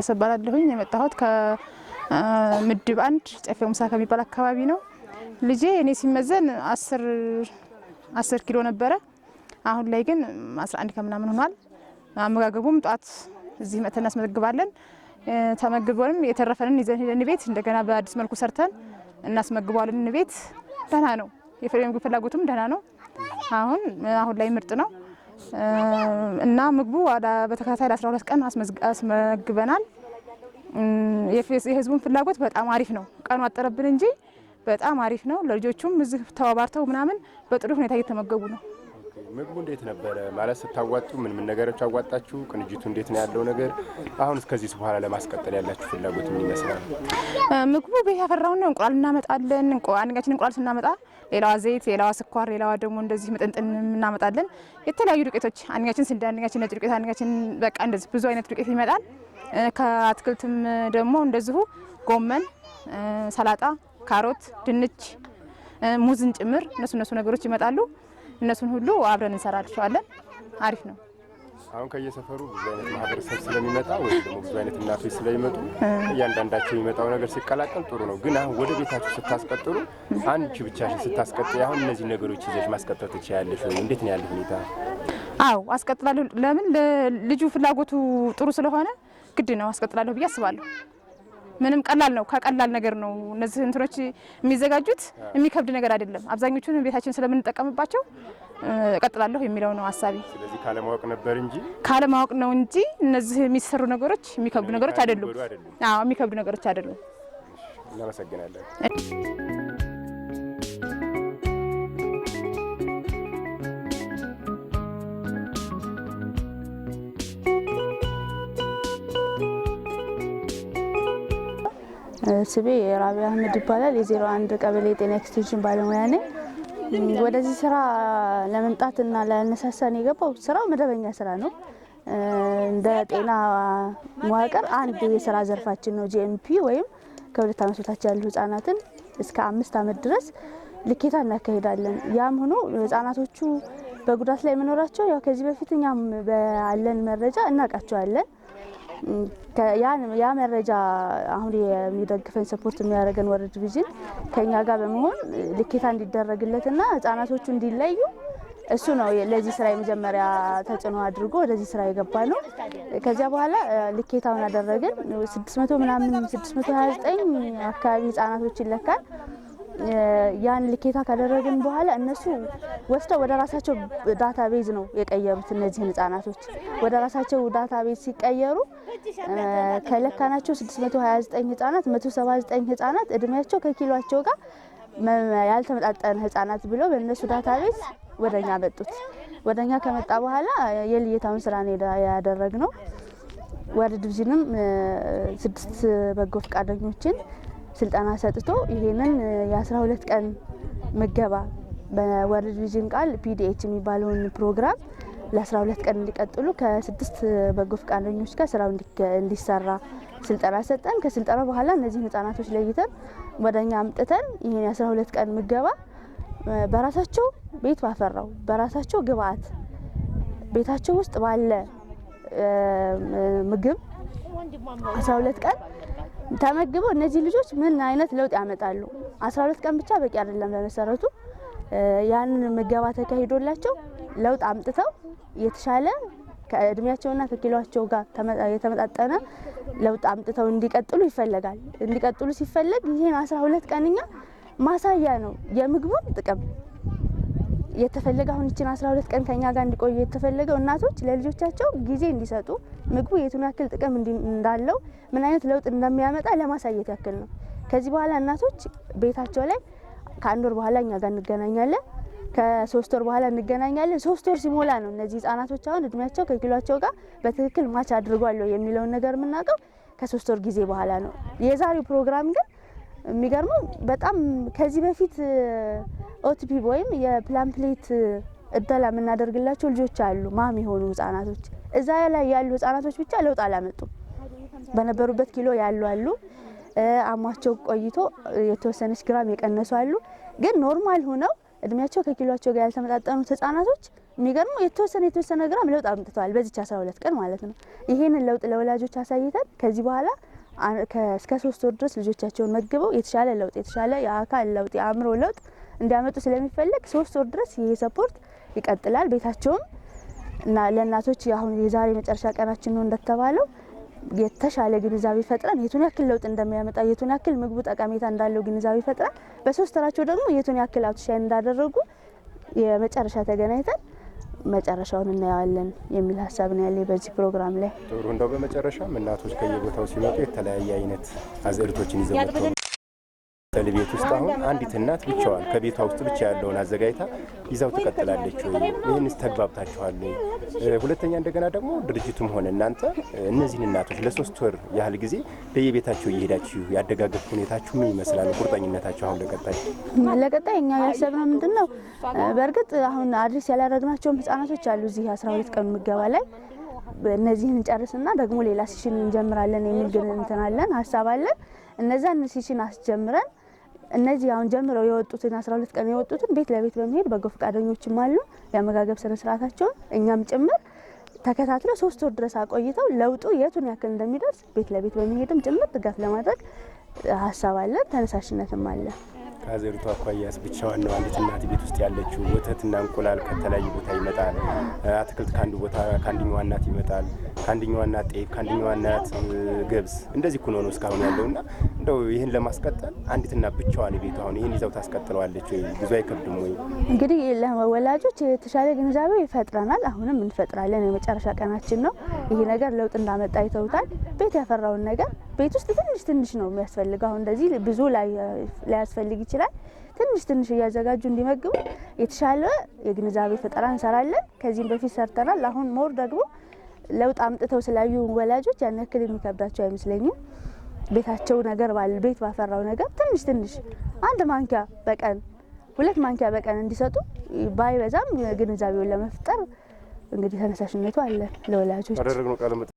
ታደሰ እባላለሁኝ። የመጣሁት ከምድብ አንድ ጨፌ ሙሳ ከሚባል አካባቢ ነው። ልጄ እኔ ሲመዘን አስር ኪሎ ነበረ። አሁን ላይ ግን አስራ አንድ ከምናምን ሆኗል። አመጋገቡም ጧት እዚህ መተን እናስመግባለን። ተመግበንም የተረፈንን ይዘን ሄደን ቤት እንደገና በአዲስ መልኩ ሰርተን እናስመግበዋለን። ቤት ደህና ነው። የፍሬ ምግብ ፍላጎቱም ደህና ነው። አሁን አሁን ላይ ምርጥ ነው። እና ምግቡ በተከታታይ ለ12 ቀን አስመግበናል። የህዝቡን ፍላጎት በጣም አሪፍ ነው። ቀኑ አጠረብን እንጂ በጣም አሪፍ ነው። ለልጆቹም እዚህ ተባባርተው ምናምን በጥሩ ሁኔታ እየተመገቡ ነው። ምግቡ እንዴት ነበረ ማለት ስታዋጡ ምን ምን ነገሮች አዋጣችሁ? ቅንጅቱ እንዴት ነው ያለው ነገር? አሁን እስከዚህ በኋላ ለማስቀጠል ያላችሁ ፍላጎት ምን ይመስላል? ምግቡ ቤት ነው። እንቁላል እናመጣለን። አንደኛችን እንቁላል ስናመጣ ሌላዋ ዘይት፣ ሌላዋ ስኳር፣ ሌላዋ ደግሞ እንደዚህ ምጥንጥን እናመጣለን። የተለያዩ ዱቄቶች አንደኛችን ስንዴ፣ አንደኛችን ነጭ ዱቄት፣ አንደኛችን በቃ እንደዚህ ብዙ አይነት ዱቄት ይመጣል። ከአትክልትም ደግሞ እንደዚሁ ጎመን፣ ሰላጣ፣ ካሮት፣ ድንች፣ ሙዝን ጭምር እነሱ እነሱ ነገሮች ይመጣሉ። እነሱን ሁሉ አብረን እንሰራቸዋለን። አሪፍ ነው። አሁን ከየሰፈሩ ብዙ አይነት ማህበረሰብ ስለሚመጣ ወይም ደግሞ ብዙ አይነት እናቶች ስለሚመጡ እያንዳንዳቸው የሚመጣው ነገር ሲቀላቀል ጥሩ ነው። ግን አሁን ወደ ቤታችሁ ስታስቀጥሉ አንቺ ብቻሽን ስታስቀጥል አሁን እነዚህ ነገሮች ይዘሽ ማስቀጠል ትችያለሽ ወይ? እንዴት ነው ያለ ሁኔታ? አዎ አስቀጥላለሁ። ለምን ልጁ ፍላጎቱ ጥሩ ስለሆነ ግድ ነው አስቀጥላለሁ ብዬ አስባለሁ። ምንም ቀላል ነው። ከቀላል ነገር ነው እነዚህ እንትኖች የሚዘጋጁት የሚከብድ ነገር አይደለም። አብዛኞቹን ቤታችን ስለምንጠቀምባቸው እቀጥላለሁ የሚለው ነው ሀሳቢ። ስለዚህ ካለማወቅ ነበር እንጂ ካለማወቅ ነው እንጂ እነዚህ የሚሰሩ ነገሮች የሚከብዱ ነገሮች አይደሉም። አዎ የሚከብዱ ነገሮች አይደሉም። እናመሰግናለን። ስቤ የራቢያ አህመድ ይባላል። የዜሮ አንድ ቀበሌ የጤና ኤክስቴንሽን ባለሙያ ነኝ። ወደዚህ ስራ ለመምጣትና ለነሳሳን የገባው ስራው መደበኛ ስራ ነው። እንደ ጤና መዋቅር አንድ የስራ ዘርፋችን ነው። ጂኤምፒ ወይም ከሁለት ዓመት በታች ያሉ ህጻናትን እስከ አምስት አመት ድረስ ልኬታ እናካሄዳለን። ያም ሆኖ ህጻናቶቹ በጉዳት ላይ መኖራቸው ያው ከዚህ በፊት እኛም ባለን መረጃ እናውቃቸዋለን። ያ መረጃ አሁን የሚደግፈን ሰፖርት የሚያደርገን ወርልድ ቪዥን ከኛ ጋር በመሆን ልኬታ እንዲደረግለትና ህጻናቶቹ እንዲለዩ እሱ ነው ለዚህ ስራ የመጀመሪያ ተጽዕኖ አድርጎ ወደዚህ ስራ የገባ ነው። ከዚያ በኋላ ልኬታውን አደረግን። 600 ምናምን 629 አካባቢ ህጻናቶች ይለካል። ያን ልኬታ ካደረግን በኋላ እነሱ ወስደው ወደ ራሳቸው ዳታ ቤዝ ነው የቀየሩት። እነዚህን ህጻናቶች ወደ ራሳቸው ዳታ ቤዝ ሲቀየሩ ከለካናቸው 629 ህጻናት 179 ህጻናት እድሜያቸው ከኪሏቸው ጋር ያልተመጣጠነ ህጻናት ብለው በእነሱ ዳታ ቤዝ ወደኛ መጡት። ወደኛ ከመጣ በኋላ የልየታውን ስራ ነው ያደረግነው። ወደ ድብዚንም ስድስት በጎ ፈቃደኞችን ስልጠና ሰጥቶ ይሄንን የ ሁለት ቀን ምገባ በወርልድ ቪዥን ቃል ፒዲኤች የሚባለውን ፕሮግራም ለ ሁለት ቀን እንዲቀጥሉ ከስድስት በጎ ፈቃደኞች ጋር ስራው እንዲሰራ ስልጠና ሰጠን። ከስልጠና በኋላ እነዚህን ህጻናቶች ለይተን ወደኛ አምጥተን ይህን የ ሁለት ቀን ምገባ በራሳቸው ቤት ባፈራው በራሳቸው ግብአት ቤታቸው ውስጥ ባለ ምግብ ሁለት ቀን ተመግበው እነዚህ ልጆች ምን አይነት ለውጥ ያመጣሉ? 12 ቀን ብቻ በቂ አይደለም። በመሰረቱ ያንን ምገባ ተካሂዶላቸው ለውጥ አምጥተው የተሻለ ከእድሜያቸውና ከኪሏቸው ጋር የተመጣጠነ ለውጥ አምጥተው እንዲቀጥሉ ይፈለጋል። እንዲቀጥሉ ሲፈለግ ይህን 12 ቀንኛ ማሳያ ነው የምግቡን ጥቅም የተፈለገ አሁን ይችን አስራ ሁለት ቀን ከኛ ጋር እንዲቆዩ የተፈለገው እናቶች ለልጆቻቸው ጊዜ እንዲሰጡ ምግቡ የቱን ያክል ጥቅም እንዳለው ምን አይነት ለውጥ እንደሚያመጣ ለማሳየት ያክል ነው። ከዚህ በኋላ እናቶች ቤታቸው ላይ ከአንድ ወር በኋላ እኛ ጋር እንገናኛለን፣ ከሶስት ወር በኋላ እንገናኛለን። ሶስት ወር ሲሞላ ነው እነዚህ ህጻናቶች አሁን እድሜያቸው ከኪሏቸው ጋር በትክክል ማች አድርጓለሁ የሚለውን ነገር የምናውቀው ከሶስት ወር ጊዜ በኋላ ነው። የዛሬው ፕሮግራም ግን የሚገርመው በጣም ከዚህ በፊት ኦቲፒ ወይም የፕላምፕሌት እደላ የምናደርግላቸው ልጆች አሉ፣ ማም የሆኑ ህጻናቶች። እዛ ላይ ያሉ ህጻናቶች ብቻ ለውጥ አላመጡም። በነበሩበት ኪሎ ያሉ አሉ፣ አሟቸው ቆይቶ የተወሰነች ግራም የቀነሱ አሉ። ግን ኖርማል ሆነው እድሜያቸው ከኪሏቸው ጋር ያልተመጣጠኑት ህጻናቶች የሚገርሙ የተወሰነ የተወሰነ ግራም ለውጥ አምጥተዋል፣ በዚች 12 ቀን ማለት ነው። ይህንን ለውጥ ለወላጆች አሳይተን ከዚህ በኋላ እስከ ሶስት ወር ድረስ ልጆቻቸውን መግበው የተሻለ ለውጥ የተሻለ የአካል ለውጥ የአእምሮ ለውጥ እንዲያመጡ ስለሚፈለግ ሶስት ወር ድረስ ይሄ ሰፖርት ይቀጥላል። ቤታቸውም እና ለእናቶች አሁን የዛሬ መጨረሻ ቀናችን ነው እንደተባለው የተሻለ ግንዛቤ ፈጥረን የቱን ያክል ለውጥ እንደሚያመጣ የቱን ያክል ምግቡ ጠቀሜታ እንዳለው ግንዛቤ ፈጥረን በሶስት ወራቸው ደግሞ የቱን ያክል አውትሻይን እንዳደረጉ የመጨረሻ ተገናኝተን መጨረሻውን እናየዋለን የሚል ሀሳብ ነው ያለ በዚህ ፕሮግራም ላይ ጥሩ። እንደው በመጨረሻም እናቶች ከየቦታው ሲመጡ የተለያየ አይነት አዝእርቶችን ይዘው ጠል ቤት ውስጥ አሁን አንዲት እናት ብቻዋን ከቤቷ ውስጥ ብቻ ያለውን አዘጋጅታ ይዛው ትቀጥላለች ወይ? ይህንስ ተግባብታችኋል? ሁለተኛ እንደገና ደግሞ ድርጅቱም ሆነ እናንተ እነዚህን እናቶች ለሶስት ወር ያህል ጊዜ በየቤታቸው እየሄዳችሁ ያደጋገፍ ሁኔታችሁ ምን ይመስላል? ቁርጠኝነታቸው አሁን ለቀጣይ ለቀጣይ እኛ ያሰብነው ምንድን ነው? በእርግጥ አሁን አድሬስ ያላደረግናቸውም ህጻናቶች አሉ እዚህ አስራ ሁለት ቀን ምገባ ላይ እነዚህን እንጨርስና ደግሞ ሌላ ሲሽን እንጀምራለን የሚል ግን አለን ሀሳብ አለን። እነዛን ሲሽን አስጀምረን እነዚህ አሁን ጀምረው የወጡትን አስራ ሁለት ቀን የወጡትን ቤት ለቤት በመሄድ በጎ ፈቃደኞችም አሉ የአመጋገብ ስነስርዓታቸውን እኛም ጭምር ተከታትለው ሶስት ወር ድረስ አቆይተው ለውጡ የቱን ያክል እንደሚደርስ ቤት ለቤት በመሄድም ጭምር ድጋፍ ለማድረግ ሀሳብ አለን፣ ተነሳሽነትም አለ። ከሀገሪቱ አኳያስ ብቻዋን ነው አንዲት እናት ቤት ውስጥ ያለችው። ወተትና እንቁላል ከተለያዩ ቦታ ይመጣል። አትክልት ከአንዱ ቦታ ከአንደኛዋ እናት ይመጣል። ከአንደኛዋ እናት ጤፍ፣ ከአንደኛዋ እናት ገብስ እንደዚህ ኩኖ ነው እስካሁን ያለውና እንደው ይህን ለማስቀጠል አንዲት እና ብቻዋን ቤቱ አሁን ይህን ይዘው ታስቀጥለዋለች ወይ? ብዙ አይከብድም ወይ? እንግዲህ ለወላጆች የተሻለ ግንዛቤ ይፈጥረናል። አሁንም እንፈጥራለን። የመጨረሻ ቀናችን ነው። ይሄ ነገር ለውጥ እንዳመጣ ይተውታል። ቤት ያፈራውን ነገር ቤት ውስጥ ትንሽ ትንሽ ነው የሚያስፈልገው። አሁን እንደዚህ ብዙ ላያስፈልግ ይችላል። ትንሽ ትንሽ እያዘጋጁ እንዲመግቡ የተሻለ የግንዛቤ ፈጠራ እንሰራለን። ከዚህም በፊት ሰርተናል። አሁን ሞር ደግሞ ለውጥ አምጥተው ስላዩ ወላጆች ያን ያክል የሚከብዳቸው አይመስለኝም። ቤታቸው ነገር ባል ቤት ባፈራው ነገር ትንሽ ትንሽ አንድ ማንኪያ በቀን ሁለት ማንኪያ በቀን እንዲሰጡ ባይበዛም ግንዛቤውን ለመፍጠር እንግዲህ ተነሳሽነቱ አለ ለወላጆች። ያደረግነው